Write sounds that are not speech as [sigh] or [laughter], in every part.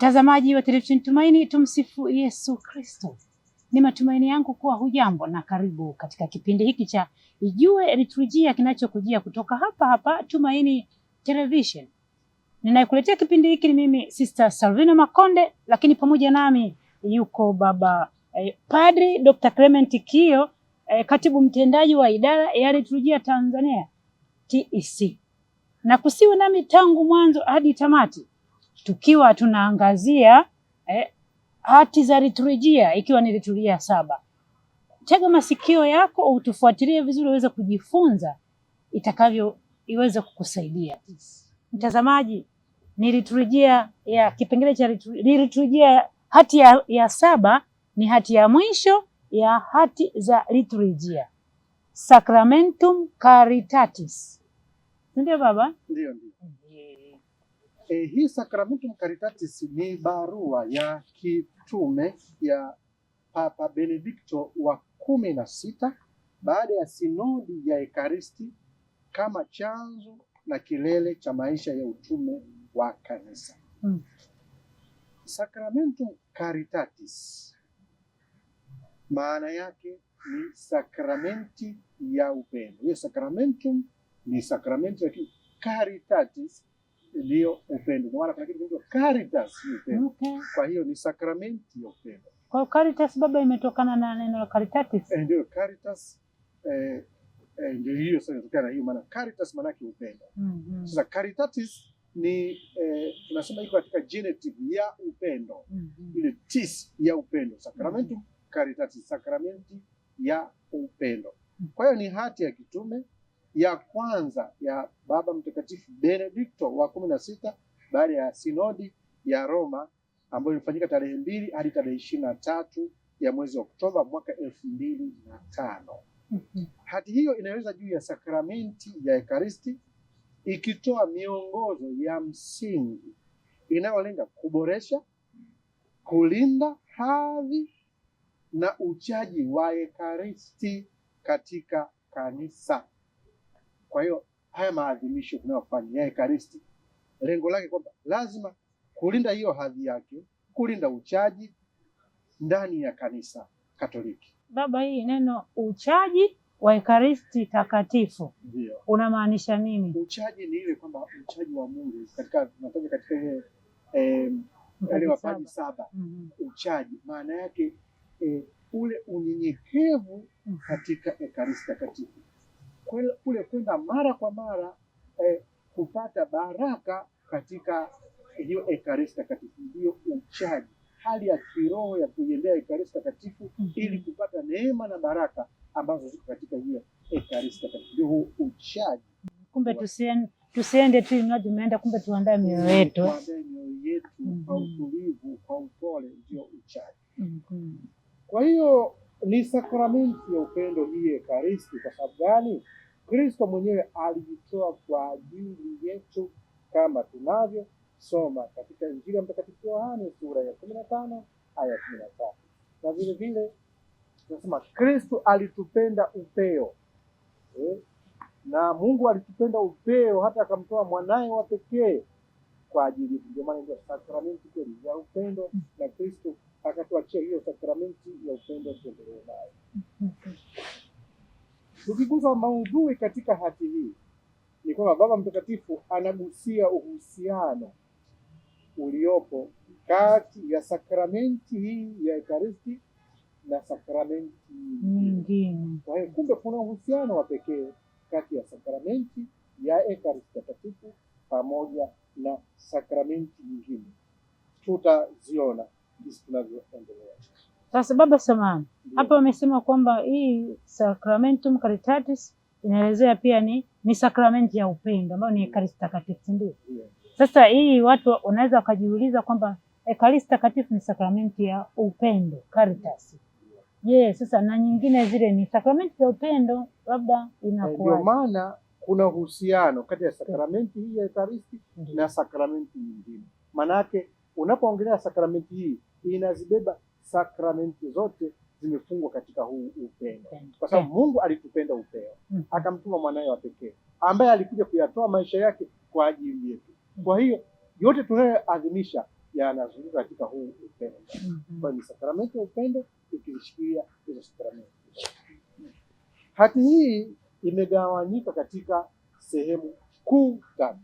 Mtazamaji wa televisheni Tumaini, tumsifu Yesu Kristo. Ni matumaini yangu kuwa hujambo na karibu katika kipindi hiki cha Ijue Liturujia kinachokujia kutoka hapa hapa Tumaini Television. Ninayekuletea kipindi hiki ni mimi Sister Salvina Makonde, lakini pamoja nami yuko baba eh, Padri Dr. Clement Kio eh, katibu mtendaji wa idara ya liturujia Tanzania TEC, na kusiwe nami tangu mwanzo hadi tamati tukiwa tunaangazia eh, hati za liturujia ikiwa ni liturujia saba. Tega masikio yako utufuatilie vizuri uweze kujifunza itakavyo iweze kukusaidia mtazamaji. Ni liturujia ya kipengele cha liturujia, hati ya, ya saba ni hati ya mwisho ya hati za liturujia Sacramentum Caritatis, ndio baba? Ndio, ndio. E, hii Sacramentum Caritatis ni barua ya kitume ya Papa Benedikto wa kumi na sita baada ya sinodi ya Ekaristi kama chanzo na kilele cha maisha ya utume wa kanisa. Hmm. Sacramentum Caritatis maana yake ni sakramenti ya upendo. Hiyo Sacramentum ni sakramenti, lakini Caritatis ndio upendo. Maana kuna kitu kinaitwa caritas, upendo. Okay. Kwa hiyo ni sakramenti ya upendo. Kwa caritas baba, imetokana na neno la caritatis. Eh, ndio caritas eh, eh, ndio hiyo sasa inatokana hiyo maana caritas maana yake upendo. Mm -hmm. Sasa caritatis ni eh, tunasema iko katika genitive ya upendo. Mm -hmm. Ile tis ya upendo. Sacramentum mm -hmm. caritatis, sakramenti ya upendo. Mm-hmm. Kwa hiyo ni hati ya kitume ya kwanza ya Baba Mtakatifu Benedikto wa kumi na sita baada ya sinodi ya Roma ambayo ilifanyika tarehe mbili hadi tarehe ishirini na tatu ya mwezi wa Oktoba mwaka elfu mbili na tano. Mhm. Hati hiyo inaeleza juu ya sakramenti ya Ekaristi ikitoa miongozo ya msingi inayolenga kuboresha, kulinda hadhi na uchaji wa Ekaristi katika kanisa. Kwa hiyo haya maadhimisho tunayofanya ya Ekaristi, lengo lake kwamba lazima kulinda hiyo hadhi yake, kulinda uchaji ndani ya kanisa Katoliki. Baba, hii neno uchaji wa Ekaristi takatifu unamaanisha nini? Uchaji ni ile kwamba uchaji wa Mungu katika tunataja katika ile eh, wale mapaji saba mm -hmm. Uchaji maana yake eh, ule unyenyekevu mm-hmm. katika Ekaristi takatifu kule kwenda mara kwa mara eh, kupata baraka katika hiyo ekaristi takatifu, ndiyo uchaji, hali ya kiroho ya kuiendea ekaristi takatifu mm -hmm. ili kupata neema na baraka ambazo ziko katika hiyo ekaristi takatifu, ndio uchaji. Kumbe tusiende tusiende tu ingawa tumeenda, kumbe tuandae mioyo yetu, tuandae mioyo yetu mhm. kwa utulivu, kwa upole, ndio uchaji mm -hmm. kwa hiyo ni sakramenti ya upendo hii ekaristi. Kwa sababu gani? Kristo mwenyewe alijitoa kwa ajili yetu kama tunavyosoma katika Injili ya Mtakatifu Yohane sura ya kumi na tano aya kumi na tatu na vile vile tunasema Kristo alitupenda upeo e? na Mungu alitupenda upeo hata akamtoa mwanaye wa pekee kwa ajili yetu. Ndio maana ndio sakramenti kweli ya upendo, na Kristo akatuachia hiyo sakramenti ya upendo tuendelee nayo. Mm-hmm. Tukiguza maudhui katika hati hii ni kwamba Baba Mtakatifu anagusia uhusiano uliopo kati ya sakramenti hii ya Ekaristi na sakramenti nyingine. Kwa hiyo kumbe, kuna uhusiano wa pekee kati ya sakramenti ya Ekaristi Takatifu pamoja na sakramenti nyingine, tutaziona jinsi tunavyoendelea. Sasa baba, samahani hapa wamesema kwamba hii Sacramentum Caritatis inaelezea pia ni ni sakramenti ya upendo ambayo ni Ekaristi Takatifu, si ndio? Sasa hii watu wanaweza wakajiuliza kwamba Ekaristi Takatifu ni sakramenti ya upendo Caritas. Je, sasa na nyingine zile ni sakramenti ya upendo, labda inakuwa ndio maana kuna uhusiano kati ya sakramenti hii ya Ekaristi na sakramenti nyingine. Maanake unapoongelea sakramenti hii inazibeba sakramenti zote zimefungwa katika huu upendo, kwa sababu Mungu alitupenda upendo, mm. akamtuma mwanawe wa pekee ambaye alikuja kuyatoa maisha yake kwa ajili yetu. Mm. Kwa hiyo yote tunayoadhimisha yanazunguka katika huu upendo mm-hmm. Kwa ni sakramenti ya upendo ikishikilia hizo sakramenti. Hati hii imegawanyika katika sehemu kuu tatu.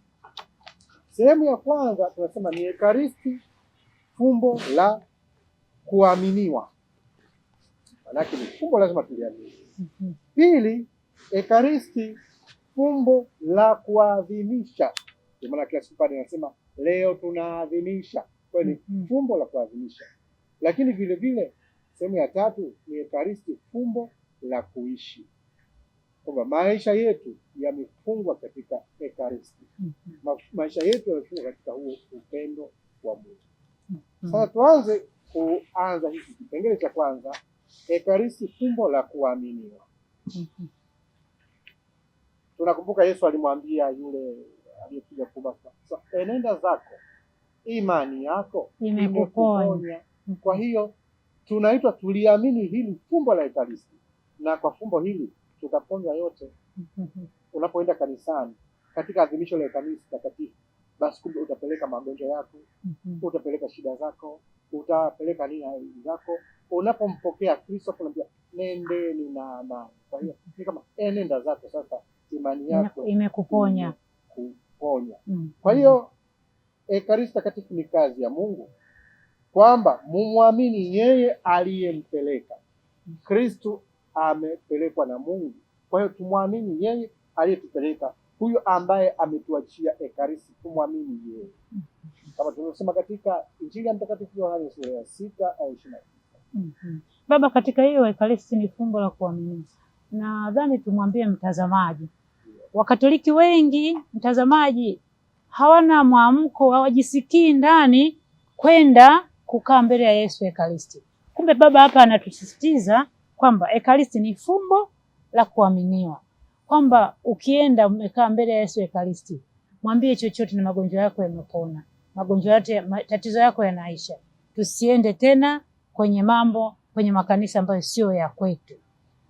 Sehemu ya kwanza tunasema ni Ekaristi, fumbo la kuaminiwa, manake ni fumbo lazima tuliamini. Pili, ekaristi fumbo la kuadhimisha, ndio maana kila siku anasema leo tunaadhimisha, kwa ni mm-hmm. fumbo la kuadhimisha. Lakini vile vile sehemu ya tatu ni ekaristi fumbo la kuishi kwamba maisha yetu yamefungwa katika ekaristi mm-hmm. Ma, maisha yetu yamefungwa katika huo upendo wa Mungu. Mm-hmm. Sasa tuanze kuanza hiki kipengele cha kwanza, Ekaristi fumbo la kuaminiwa. Tunakumbuka Yesu alimwambia yule aliyepiga kubaka, sasa enenda zako, imani yako imekuponya. Kwa hiyo tunaitwa tuliamini hili fumbo la Ekaristi, na kwa fumbo hili tutaponywa yote. Unapoenda kanisani katika adhimisho la Ekaristi takatifu, basi kumbe utapeleka magonjwa yako, mhm. utapeleka shida zako utapeleka nini zako. Unapompokea Kristo kunaambia nendeni na amani. Kwa hiyo ni kama enenda eh, zako sasa, imani yako imekuponya kuponya. Mm, mm. Kwa hiyo Ekaristi Takatifu ni kazi ya Mungu kwamba mumwamini yeye aliyempeleka. Kristo amepelekwa na Mungu, kwa hiyo tumwamini yeye aliyetupeleka, huyo ambaye ametuachia Ekaristi, tumwamini yeye. Mm kama tulivyosema katika Injili ya Mtakatifu Yohane sura ya sita au ishirini na tisa. mm -hmm. Baba, katika hiyo Ekaristi ni fumbo la kuamini, nadhani tumwambie mtazamaji yeah. Wakatoliki wengi mtazamaji, hawana mwamko, hawajisikii ndani kwenda kukaa mbele ya Yesu Ekaristi. Kumbe baba hapa anatusisitiza kwamba Ekaristi ni fumbo la kuaminiwa, kwamba ukienda umekaa mbele ya Yesu Ekaristi, mwambie chochote na magonjwa yako yamepona magonjwa yote tatizo yako yanaisha. Tusiende tena kwenye mambo kwenye makanisa ambayo sio ya kwetu,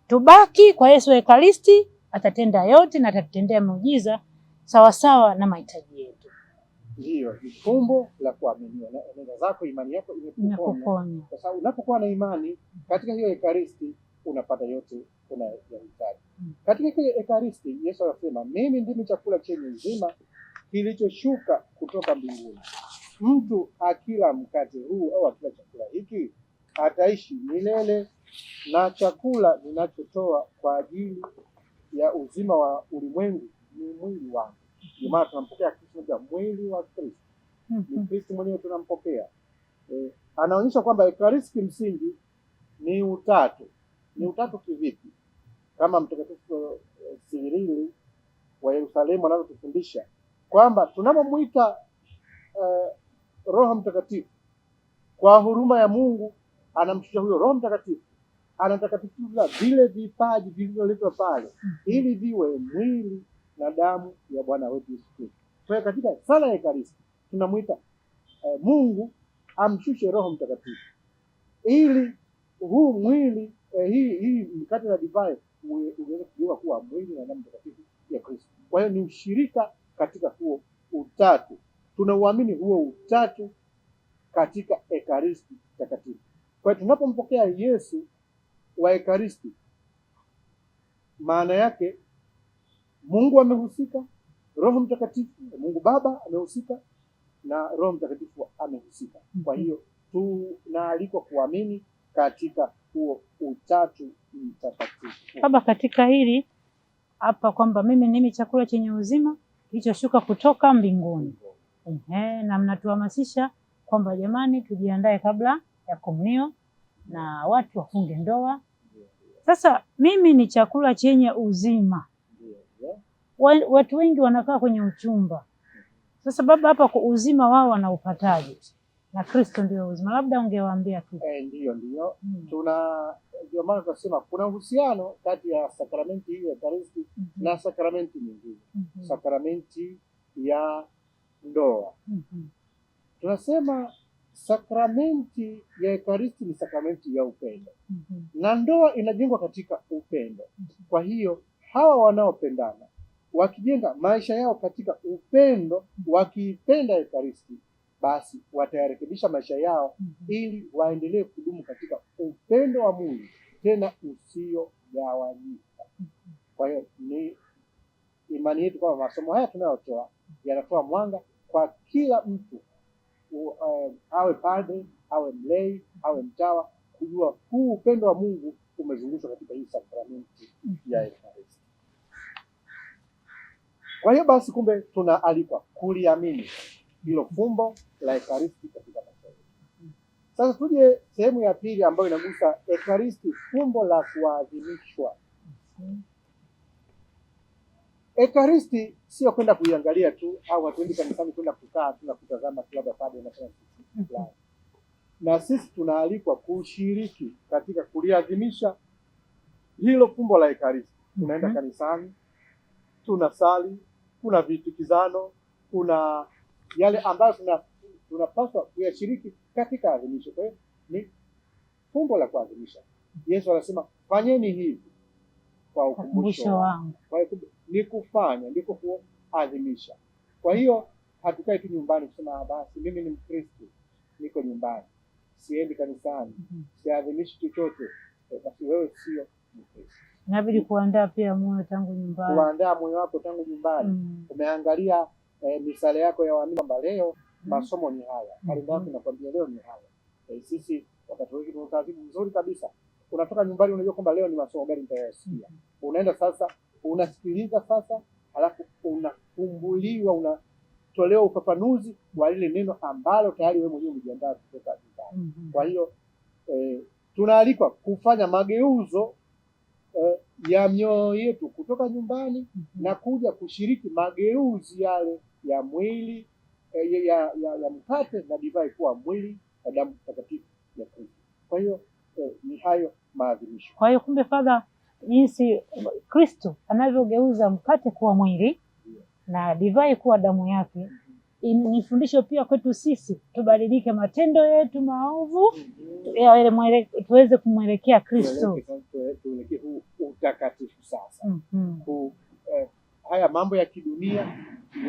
tubaki kwa Yesu wa Ekaristi. Atatenda yote na atatutendea muujiza sawasawa na mahitaji yetu. Ndio fumbo la kuaminiwa, nenda zako, imani yako imekuponya. Kwa sababu unapokuwa na imani katika hiyo Ekaristi unapata yote unayohitaji mm. katika hiyo Ekaristi. Yesu anasema mimi ndimi chakula chenye uzima kilichoshuka kutoka mbinguni. Mtu akila mkate huu au akila chakula hiki ataishi milele, na chakula ninachotoa kwa ajili ya uzima wa ulimwengu ni mwili wangu. Ndio maana tunampokea Kristo, mwili wa Kristo ni mhm. Kristo mwenyewe tunampokea. E, anaonyesha kwamba ekaristi msingi ni utatu. Ni utatu kivipi? Kama Mtakatifu Sirili eh, wa Yerusalemu anavyotufundisha kwamba tunapomwita uh, Roho Mtakatifu kwa huruma ya Mungu anamshusha huyo Roho Mtakatifu, anatakatifuza vile vipaji vilivyoletwa pale ili viwe mwili na damu ya Bwana wetu Yesu Kristo. Kwa hiyo katika sala ya Ekaristi tunamwita eh, Mungu amshushe Roho Mtakatifu ili huu mwili eh, hii hii mkate na divai uweze kugeuka kuwa mwili na damu mtakatifu ya Kristo. Kwa hiyo ni ushirika katika huo utatu. Tunauamini huo utatu katika Ekaristi Takatifu. Kwa hiyo tunapompokea Yesu wa Ekaristi, maana yake Mungu amehusika, Roho Mtakatifu, Mungu Baba amehusika na Roho Mtakatifu amehusika. Kwa mhm. hiyo tunaalikwa kuamini katika huo utatu mtakatifu. Baba, katika hili hapa kwamba mimi nimi chakula chenye uzima kilichoshuka kutoka mbinguni. Ehe, na mnatuhamasisha kwamba jamani, tujiandae kabla ya komunio na watu wafunge ndoa. Sasa mimi ni chakula chenye uzima, watu wengi wanakaa kwenye uchumba. Sasa baba, hapa kwa uzima wao wanaupataje? na Kristo ndio uzima, labda ungewaambia tu Eh, ndio ndio, mm. tuna ndio maana tunasema kuna uhusiano kati ya sakramenti hii ya Ekaristi mm -hmm. na sakramenti nyingine mm -hmm. sakramenti ya ndoa mm -hmm. tunasema sakramenti ya Ekaristi ni sakramenti ya upendo mm -hmm. na ndoa inajengwa katika upendo mm -hmm. kwa hiyo hawa wanaopendana wakijenga maisha yao katika upendo, mhm. wakiipenda Ekaristi basi watayarekebisha maisha yao mm -hmm. ili waendelee kudumu katika upendo wa Mungu tena usiogawanyika. mm -hmm. Kwa hiyo ni imani yetu kwamba masomo haya tunayotoa yanatoa mwanga kwa kila mtu uh, awe padre awe mlei awe mtawa, kujua huu upendo wa Mungu umezungushwa katika hii sakramenti mhm. ya Ekaristi. Kwa hiyo basi, kumbe tunaalikwa kuliamini hilo fumbo la Ekaristi katika maisha yetu. Sasa tuje sehemu ya pili ambayo inagusa Ekaristi, fumbo la kuadhimishwa. Ekaristi sio kwenda kuiangalia tu au hatuendi kanisani kwenda kukaa tu na kutazama tu labda padre anafanya kitu fulani. Na sisi tunaalikwa kushiriki katika kuliadhimisha hilo fumbo la Ekaristi. Tunaenda mhm. kanisani, tunasali, kuna vitikizano kuna yale ambayo tunapaswa kuyashiriki katika adhimisho. Kwa hiyo ni fumbo la kuadhimisha. Yesu anasema fanyeni hivi kwa ukumbusho wangu. Kwa hiyo ni kufanya ndiko kuadhimisha. Kwa hiyo hatukae tu nyumbani kusema ah, basi mimi ni Mkristo niko nyumbani siendi kanisani mhm. siadhimishi chochote, eh, basi wewe sio Mkristo. Inabidi kuandaa pia moyo tangu nyumbani, kuandaa moyo wako tangu nyumbani mm umeangalia eh, misale yako ya waamini kwamba leo mm-hmm. masomo ni haya, mm-hmm. kalenda yako inakwambia leo ni haya. Eh, sisi Wakatoliki tuna utaratibu mzuri kabisa. Unatoka nyumbani unajua kwamba leo ni masomo gani nitayasikia. Unaenda sasa, unasikiliza sasa, halafu unakumbuliwa, unatolewa ufafanuzi wa lile neno ambalo tayari wewe mwenyewe umejiandaa kutoka nyumbani. Mm-hmm. Kwa hiyo eh, tunaalikwa kufanya mageuzo eh, ya mioyo yetu kutoka nyumbani na kuja kushiriki mageuzi yale ya mwili eh, ya, ya, ya, ya mkate na divai kuwa mwili na damu takatifu ya Kristo. Kwa hiyo eh, ni hayo maadhimisho. Kwa hiyo kumbe, Padre, jinsi Kristo anavyogeuza mkate kuwa mwili na divai kuwa damu yake ni fundisho pia kwetu sisi tubadilike matendo yetu maovu mm -hmm. tuweze kumwelekea Kristo, tuelekee utakatifu sasa mm -hmm haya mambo ya kidunia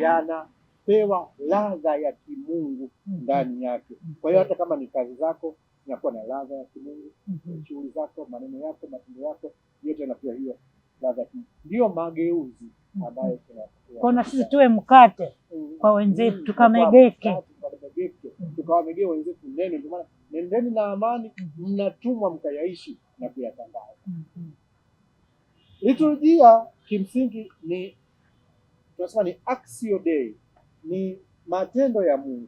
yanapewa ladha ya kimungu ndani yake. Kwa hiyo hata kama ni kazi zako inakuwa na ladha ya kimungu, shughuli zako, maneno yako, matendo yako yote yanapewa hiyo ladha ya kimungu. Ndiyo mageuzi ambayo kwa na sisi tuwe mkate kwa wenzetu, tukamegeke mm, tukawamegee wenzetu neno. Ndio maana nendeni na amani, mm-hmm. mnatumwa mkayaishi na kuyatangaza. Mm-hmm. Liturujia kimsingi ni tunasema ni Axio Dei, ni matendo ya Mungu.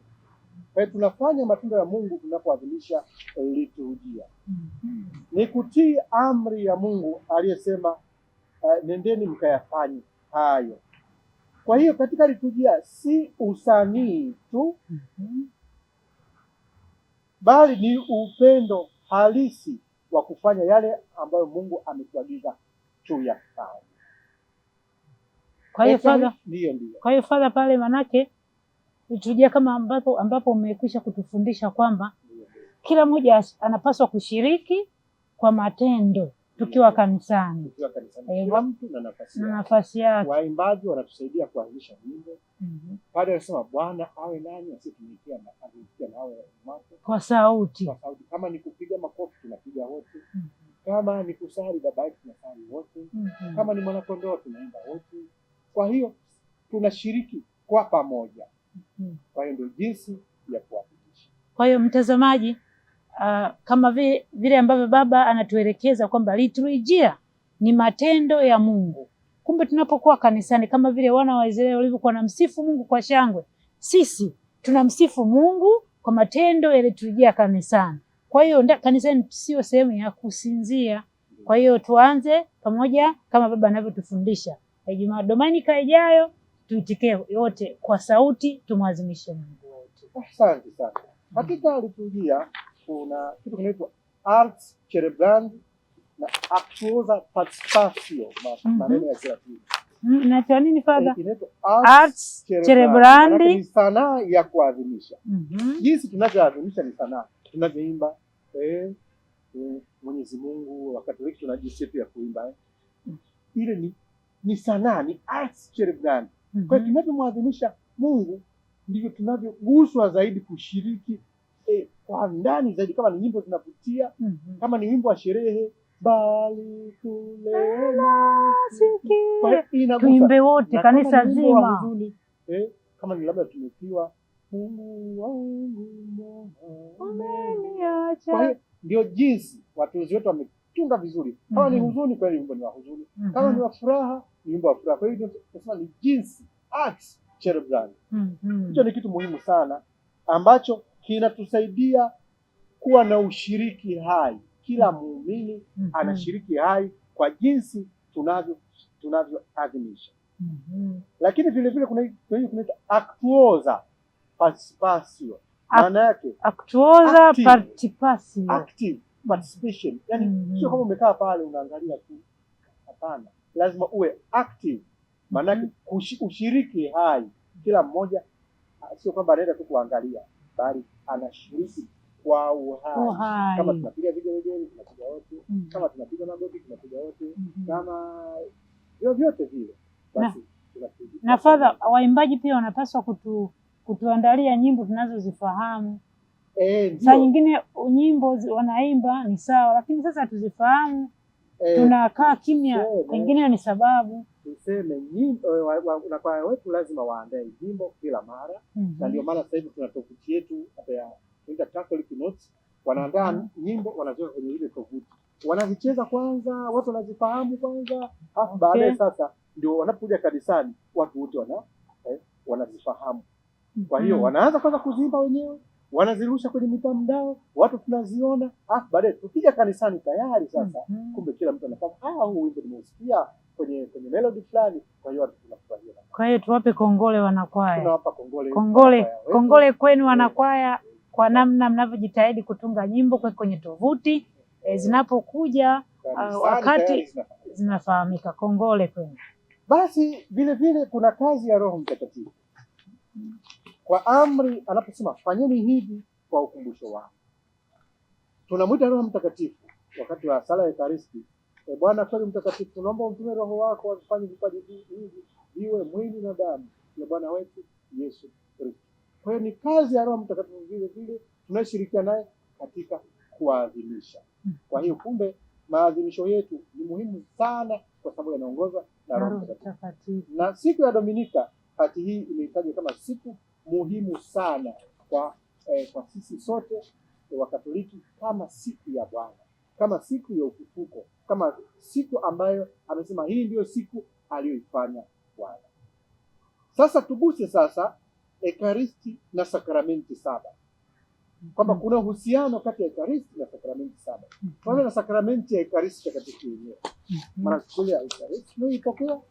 Kwa hiyo tunafanya matendo ya Mungu tunapoadhimisha liturujia, mm-hmm. ni kutii amri ya Mungu aliyesema, uh, nendeni mkayafanye hayo. Kwa hiyo katika liturujia si usanii tu mm-hmm. bali ni upendo halisi wa kufanya yale ambayo Mungu ametuagiza tuyafanye. Kwa hiyo fadha, ndio ndio. Kwa hiyo fadha pale manake tujia kama ambapo ambapo umekwisha kutufundisha kwamba kila mmoja anapaswa kushiriki kwa matendo tukiwa kanisani, kila mtu na nafasi yake. Waimbaji wanatusaidia kuanzisha nyimbo mhm. pale, anasema Bwana awe nani asiyetumikia na na awe kwa sauti, kwa sauti. Kama ni kupiga makofi tunapiga wote, mhm. kama ni kusali Baba yetu tunasali wote, mhm. kama ni mwanakondoo tunaimba wote kwa hiyo tunashiriki kwa pamoja. Hmm. Kwa hiyo ndio jinsi ya kuhakikisha. Kwa hiyo mtazamaji, uh, kama vile, vile ambavyo baba anatuelekeza kwamba liturujia ni matendo ya Mungu. Kumbe tunapokuwa kanisani kama vile wana wa Israeli walivyokuwa msifu Mungu kwa shangwe, sisi tunamsifu Mungu kwa matendo ya liturujia kanisani. Kwa hiyo kanisani sio sehemu ya kusinzia. Kwa hiyo tuanze pamoja kama baba anavyotufundisha. Ijumaa Dominika ijayo tuitikie yote kwa sauti, tumwadhimishe Mungu wote. Asante oh, sana. mm. Hakika liturujia kuna kitu kinaitwa ars celebrandi na actuosa participatio, mhm. maneno ya Kilatini mm, naitwa nini fadha? Ars celebrandi ni sanaa ya kuadhimisha. Mhm. Jinsi mm -hmm. tunavyoadhimisha ni sanaa, tunavyoimba eh, eh Mwenyezi Mungu. Wakatoliki tuna jinsi yetu ya kuimba, eh. Mm. ile ni ni sanaa, ni arts cerebral. Mm -hmm. Kwa hiyo tunavyomwadhimisha Mungu ndivyo tunavyoguswa zaidi kushiriki eh, kwa ndani zaidi, kama ni nyimbo zinavutia. mm -hmm. Kama ni wimbo wa sherehe bali kule tuimbe wote kanisa zima eh, kama ni labda tumepiwa Mungu wangu ndio jinsi watu wetu wame tunga vizuri. Kama mm -hmm. ni mm-hmm. huzuni, kwa hiyo wimbo ni wa huzuni. Mm-hmm. Kama mm -hmm. ni wa furaha, ni wimbo wa furaha. Kwa hiyo tunasema ni jinsi arts cerebrale. Mm mm-hmm. Hicho -hmm. ni kitu muhimu sana ambacho kinatusaidia kuwa na ushiriki hai. Kila muumini mm -hmm. anashiriki hai kwa jinsi tunavyo tunavyoadhimisha. Mm -hmm. Lakini vile vile kuna hiyo tunaita actuosa participatio. Maana yake actuosa participatio. Active participation yani mm -hmm. Sio kama umekaa pale unaangalia tu, hapana, lazima uwe active, maanake mm ushiriki hai. Kila mmoja ah, sio kwamba anaenda tu kuangalia, bali anashiriki kwa uhai. Kama tunapiga video game tunapiga wote mm -hmm. kama tunapiga magoti tunapiga wote mm -hmm. kama vyovyote vile basi na, na fadha waimbaji pia wanapaswa kutu, kutuandalia nyimbo tunazozifahamu Eh, saa nyingine nyimbo wanaimba ni sawa, lakini sasa hatuzifahamu eh, tunakaa kimya, pengine ni sababu tuseme eh, kwa wetu lazima waandae nyimbo kila mara mm -hmm. na ndio maana sasa hivi tuna tovuti yetu ya Catholic Notes wanaandaa mm -hmm. nyimbo wanaziweka kwenye ile tovuti, wanazicheza kwanza, watu wanazifahamu kwanza, alafu okay. baadaye sasa ndio wanapokuja kanisani watu wote wana eh, wanazifahamu. Kwa hiyo mm -hmm. wanaanza kwanza kuziimba wenyewe wanazirusha kwenye mitandao, watu tunaziona, ah, baadaye tukija kanisani tayari sasa mm -hmm. Kumbe kila mtu anafahamu ah, huu wimbo nimeusikia kwenye kwenye melody fulani, kwa hiyo watu tunafurahia. Kwa hiyo tuwape kongole wanakwaya, tunawapa kongole kongole kongole kwenu wanakwaya kwa namna mnavyojitahidi kutunga nyimbo kwa kwenye tovuti e, zinapokuja wakati zinafahamika. Kongole kwenu. Basi vile vile kuna kazi ya Roho Mtakatifu kwa amri anaposema fanyeni hivi kwa ukumbusho wangu. Tunamwita Roho Mtakatifu wakati wa sala ya Ekaristi, e Bwana kweli mtakatifu, tunaomba umtume Roho wako afanye vipaji hivi viwe mwili na damu ya Bwana wetu Yesu Kristo. Kwa hiyo ni kazi ya Roho Mtakatifu vile vile tunashirikiana naye katika kuadhimisha. Kwa hiyo kumbe, maadhimisho yetu ni muhimu sana, kwa sababu yanaongozwa na Roho Mtakatifu. Na siku ya Dominika hati hii imehitajwa kama siku muhimu sana kwa, eh, kwa sisi sote Wakatoliki kama siku ya Bwana, kama siku ya ufufuko, kama siku ambayo amesema hii ndiyo siku aliyoifanya Bwana. Sasa tuguse sasa Ekaristi na sakramenti saba kwamba kuna uhusiano kati ya Ekaristi na sakramenti saba. Kwanza na sakramenti ya Ekaristi takatifu yenyewe, marakuli ya Ekaristi naipokea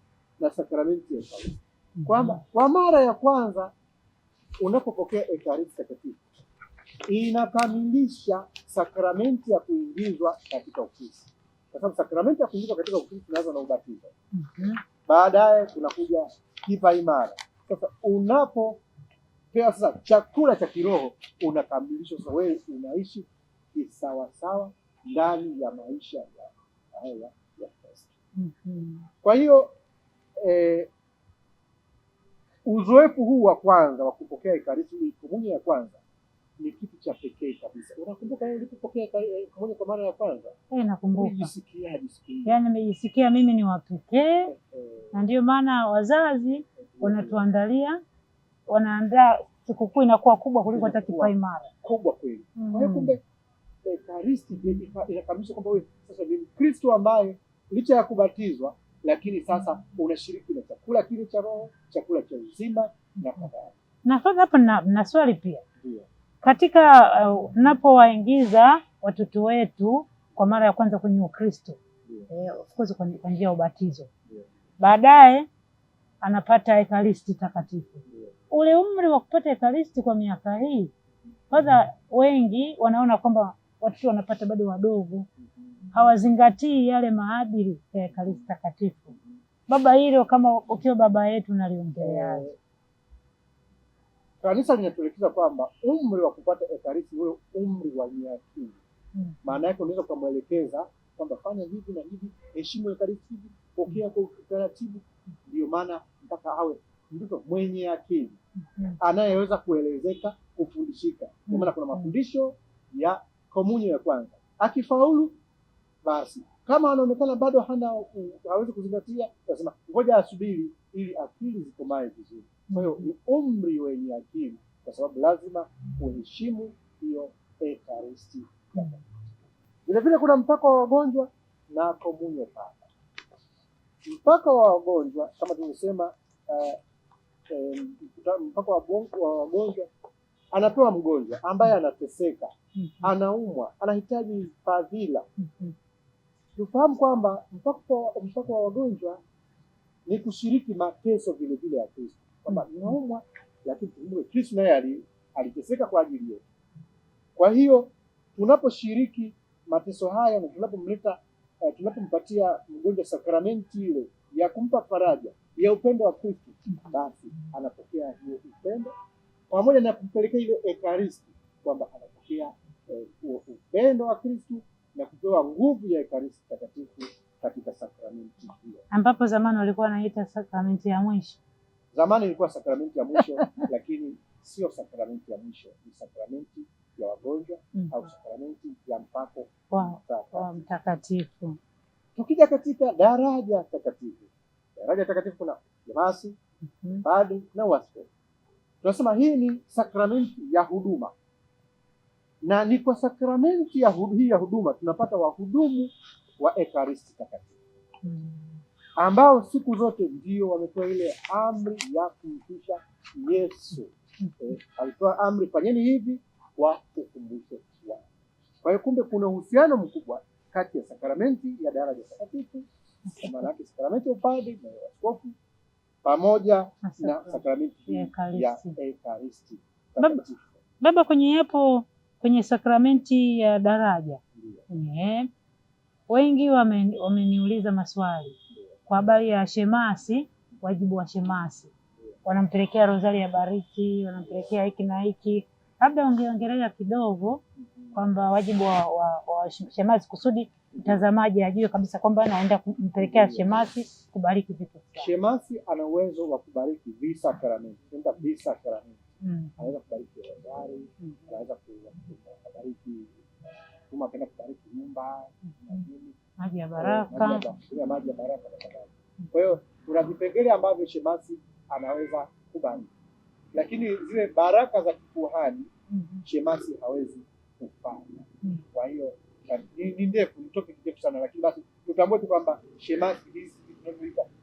na sakramenti ya Ekaristi kwamba kwa mara ya kwanza unapopokea ekaristi takatifu inakamilisha sakramenti ya kuingizwa katika ofisi, kwa sababu sakramenti ya kuingizwa katika ofisi inaanza na ubatizo mm -hmm. Baadaye kunakuja kipa imara. Sasa unapopewa sasa chakula cha kiroho unakamilisha sasa, wewe unaishi kisawasawa ndani ya maisha ya haya ya Kristo. Mhm. Kwa hiyo eh, Uzoefu huu wa kwanza wa kupokea Ekaristi, komunyo ya kwanza ni kitu cha pekee kabisa. Unakumbuka wewe ulipopokea eh, komunyo kwa mara ya kwanza? Eh, nakumbuka. Unajisikiaje siku hiyo? Yaani nimejisikia mimi ni wa pekee, eh, eh. na ndio maana wazazi wanatuandalia, wanaandaa sikukuu inakuwa kubwa kuliko hata kipaimara. Kubwa kweli. Mm. hiyo mm-hmm. kumbe Ekaristi inakamilisha kwamba wewe sasa ni Mkristo ambaye licha ya kubatizwa lakini sasa unashiriki na chakula kile cha roho, chakula cha uzima na kadhalika. Na fadha hapa na, na swali pia Dio. Katika uh, napowaingiza watoto wetu kwa mara ya kwanza kwenye Ukristo eh, of course kwa njia ya ubatizo, baadaye anapata ekaristi takatifu yeah. Ule umri wa kupata ekaristi kwa miaka hii fadha, wengi wanaona kwamba watoto wanapata bado wadogo hawazingatii yale maadili ya Ekaristi Takatifu. Baba, hilo kama ukiwa baba yetu naliongelea. Eh, kanisa linatuelekeza kwamba umri wa kupata Ekaristi huyo umri wa hmm. maana yake unaweza ukamwelekeza kwamba fanya hivi na hivi, heshimu Ekaristi hivi, pokea kwa utaratibu. Ndio maana mpaka awe mtoto mwenye akili hmm. anayeweza kuelezeka, kufundishika. Ndio maana kuna hmm. mafundisho ya komunyo ya kwanza, akifaulu basi kama anaonekana bado hana hawezi kuzingatia, nasema ngoja asubiri ili akili zikomae vizuri. Kwa hiyo ni umri wenye akili, kwa sababu lazima uheshimu hiyo ekaristi. Vilevile kuna mpaka wa wagonjwa na komunyo papa. Mpaka wa wagonjwa kama tulivyosema, uh, mpaka wa wagonjwa anapewa mgonjwa ambaye anateseka, mm-hmm. anaumwa, anahitaji fadhila mm-hmm tufahamu kwamba mpako wa wagonjwa ni kushiriki mateso vile vile ya Kristo, kwamba mm-hmm. tunaumwa lakini tukumbuke Kristo naye aliteseka kwa ajili yetu. Kwa hiyo tunaposhiriki mateso haya na tunapomleta uh, tunapompatia mgonjwa sakramenti ile ya kumpa faraja ya upendo wa Kristo, mm-hmm. basi anapokea hiyo upendo pamoja na kumpelekea ile ekaristi, kwamba anapokea eh, huo uh, upendo wa Kristo na kupewa nguvu ya Ekaristi Takatifu katika sakramenti hiyo, ambapo zamani walikuwa wanaita sakramenti ya mwisho. Zamani ilikuwa sakramenti ya mwisho [laughs] lakini sio sakramenti ya mwisho, ni sakramenti ya wagonjwa mm -hmm. au sakramenti ya mpako wa mtakatifu. Tukija katika daraja takatifu, daraja takatifu kuna shemasi, mm -hmm. na uaskofu. Tunasema hii ni sakramenti ya huduma na ni kwa sakramenti ya hii ya huduma tunapata wahudumu wa ekaristi takatifu hmm. ambao siku zote ndio wametoa ile amri ya kumkisha Yesu hmm. Eh, alitoa amri fanyeni hivi kwa ukumbusho wao. Kwa hiyo kumbe kuna uhusiano mkubwa kati ya sakramenti ya daraja takatifu maana yake sakramenti ya upadre na askofu pamoja na sakramenti ya ekaristi takatifu. Baba kwenye hapo kwenye sakramenti ya daraja yeah. Wengi wameniuliza wame maswali kwa habari ya shemasi, wajibu wa shemasi, wanampelekea rozari ya bariki, wanampelekea hiki na hiki, labda ungeongelea kidogo kwamba wajibu wa, wa, wa shemasi kusudi mtazamaji ajue kabisa kwamba anaenda kumpelekea shemasi kubariki vitu. Shemasi ana uwezo wa kubariki visakramenti, visakramenti mm. anaweza kubariki rozari, mm. anaweza kufariki kama akaenda kufariki nyumba mm. eh, maji ya baraka, maji ya baraka. Kwa hiyo kuna vipengele ambavyo shemasi anaweza kubariki, lakini zile baraka za kikuhani mm-hmm. shemasi hawezi kufanya. Mm. Kwa hiyo ni ndefu, ni topic ndefu sana, lakini basi tutambue tu kwamba shemasi hizi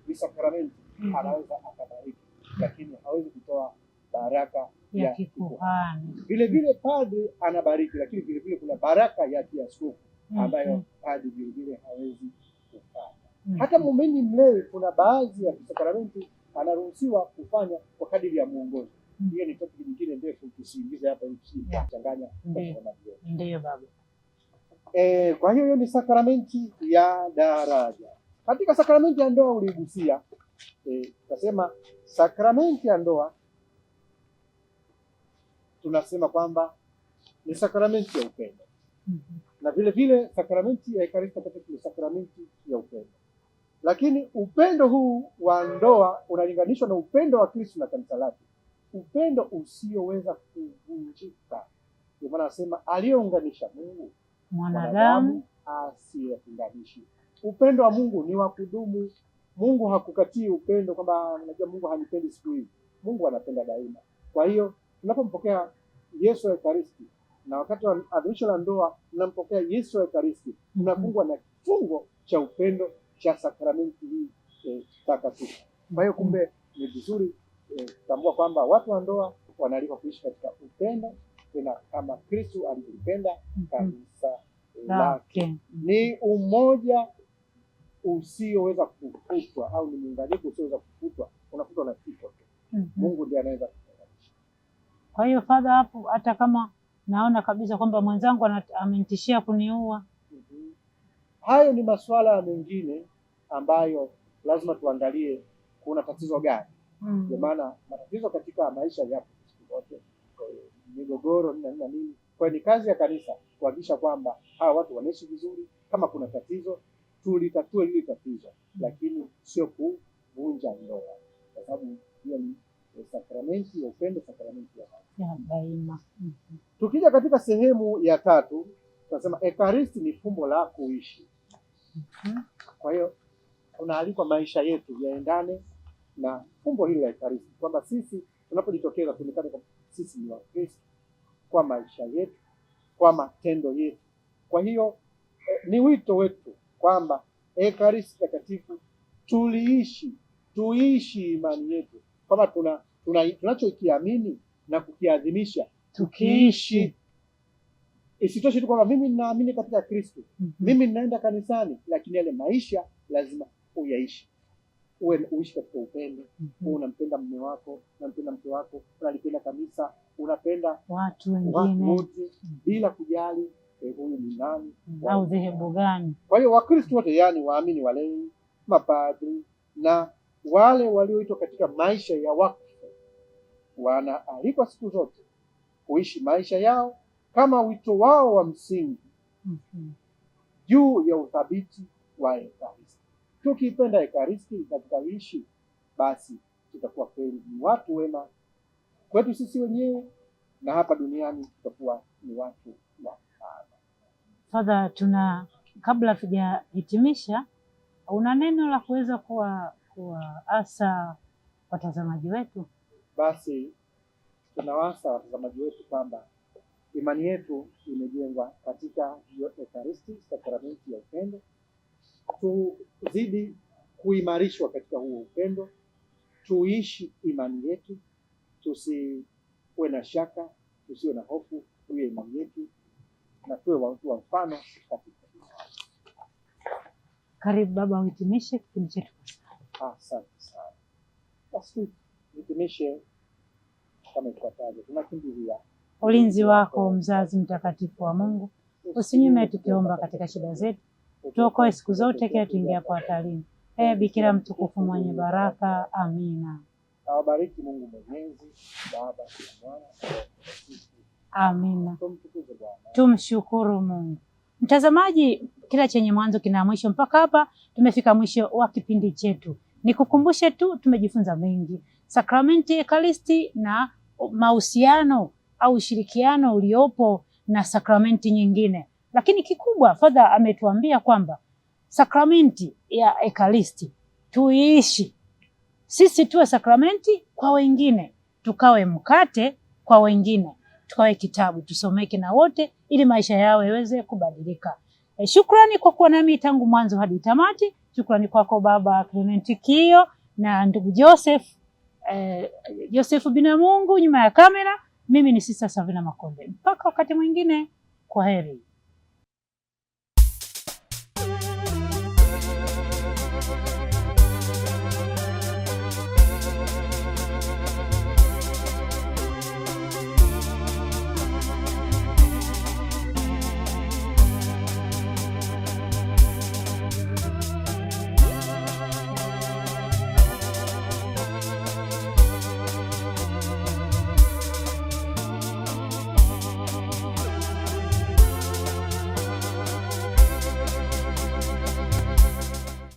ni sakramenti anaweza akabariki, lakini hawezi kutoa baraka ya kikuhani. Vile vile padri anabariki, lakini vile vile kuna baraka ya kiaskofu mm-hmm. ambayo mm padri vile vile hawezi kufanya mm-hmm. hata muumini mlewi, kuna baadhi ya sakramenti anaruhusiwa kufanya kwa kadiri ya mwongozo. Mm-hmm. Hiyo ni topic nyingine ndefu, tusiingize hapa changanya. Ndio baba. Eh, kwa hiyo hiyo ni sakramenti ya daraja. Katika sakramenti ya ndoa uligusia, eh, tasema sakramenti ya ndoa tunasema kwamba ni sakramenti ya upendo mm -hmm. na vile vile sakramenti ya Ekaristi Takatifu ni sakramenti ya upendo, lakini upendo huu wa ndoa unalinganishwa na upendo wa Kristo na kanisa lake, upendo usioweza kuvunjika. Ndio maana anasema aliyeunganisha Mungu mwanadamu asiyeunganishi. Upendo wa Mungu ni wa kudumu. Mungu hakukatii upendo, kwamba unajua Mungu hanipendi siku hizi. Mungu anapenda daima. Kwa hiyo tunapompokea Yesu wa Ekaristi, na wakati wa adhimisho la ndoa mnampokea Yesu wa Ekaristi, mhm. mnafungwa na kifungo cha upendo cha sakramenti hii eh, takatifu. Kwa hiyo kumbe ni vizuri eh, kutambua eh, kwamba watu wa ndoa wanalikwa kuishi katika upendo tena kama Kristu alivyopenda mhm. kanisa lake. Ni umoja usioweza kufutwa au ni muunganiko usioweza kufutwa, unafutwa na kifo tu. Mhm. Mungu ndiye anaweza kwa hiyo fadha hapo, hata kama naona kabisa kwamba mwenzangu amenitishia kuniua. mm -hmm. Hayo ni masuala mengine ambayo lazima tuangalie kuna tatizo gani. mm Kwa maana matatizo katika maisha yapo siku zote, migogoro nini na nini. Kwa hiyo ni kazi ya kanisa kuhakikisha kwamba hawa watu wanaishi vizuri. Kama kuna tatizo tulitatue hili tatizo, lakini sio kuvunja ndoa, kwa sababu hiyo ni sakramenti ya upendo, sakramenti ya daima. Tukija katika sehemu ya tatu, tunasema ekaristi ni fumbo la kuishi. Kwa hiyo tunaalikwa maisha yetu yaendane na fumbo hili la ekaristi, kwamba sisi tunapojitokeza tuonekane sisi ni Wakristo kwa maisha yetu, kwa matendo yetu. Kwa hiyo eh, ni wito wetu kwamba ekaristi takatifu tuliishi tuishi imani yetu, kwamba tuna tunachokiamini na kukiadhimisha tukiishi. Isitoshe tu kwamba mimi ninaamini katika Kristo, mm -hmm. mimi ninaenda kanisani, lakini yale maisha lazima uyaishi, uwe uishi katika upendo mm -hmm. unampenda mume wako, unampenda mke wako, unalipenda kanisa, unapenda watu wengine mhm. bila kujali eh, huyu ni nani mhm. au dhehebu gani. Kwa hiyo Wakristo wote, yaani waamini, walei, mapadri na wale walioitwa katika maisha ya wako wanaalikwa siku zote kuishi maisha yao kama wito wao wa msingi mm -hmm. juu ya uthabiti wa Ekaristi. Tukipenda Ekaristi na tukaishi, basi tutakuwa kweli ni watu wema kwetu sisi wenyewe na hapa duniani tutakuwa ni watu wa maana. Fadha, tuna kabla tujahitimisha una neno la kuweza kuwa kuwaasa watazamaji wetu? basi tunawasa watazamaji wetu kwamba imani yetu imejengwa katika hiyo Ekaristi, sakramenti ya upendo. Tuzidi kuimarishwa katika huo upendo, tuishi imani yetu, tusiwe na shaka, tusiwe na hofu juu ya imani yetu, na tuwe watu wa mfano katika karibu. Baba, uhitimishe kipindi chetu. Asante sana. Nitimishe kama ifuatavyo. Tunakimbilia ulinzi wako, mzazi mtakatifu wa Mungu, usinyume tukiomba katika shida zetu, tuokoe siku zote kila kwa hatarini, ee Bikira mtukufu mwenye baraka. Amina. Awabariki Mungu Mwenyezi, Baba na Mwana. Amina. Tumshukuru Mungu. Mtazamaji, kila chenye mwanzo kina mwisho. Mpaka hapa tumefika mwisho wa kipindi chetu. Nikukumbushe tu tumejifunza mengi sakramenti ya Ekaristi na mahusiano au ushirikiano uliopo na sakramenti nyingine. Lakini kikubwa fadha ametuambia kwamba sakramenti ya Ekaristi tuiishi sisi, tuwe sakramenti kwa wengine, tukawe mkate kwa wengine, tukawe kitabu tusomeke na wote, ili maisha yao yaweze kubadilika. E, shukrani kwa kuwa nami tangu mwanzo hadi tamati. Shukrani kwako Baba Clement Kio na ndugu Joseph eh, Yosefu Binamungu, nyuma ya kamera mimi ni Sista Savina Makonde. Mpaka wakati mwingine, kwa heri.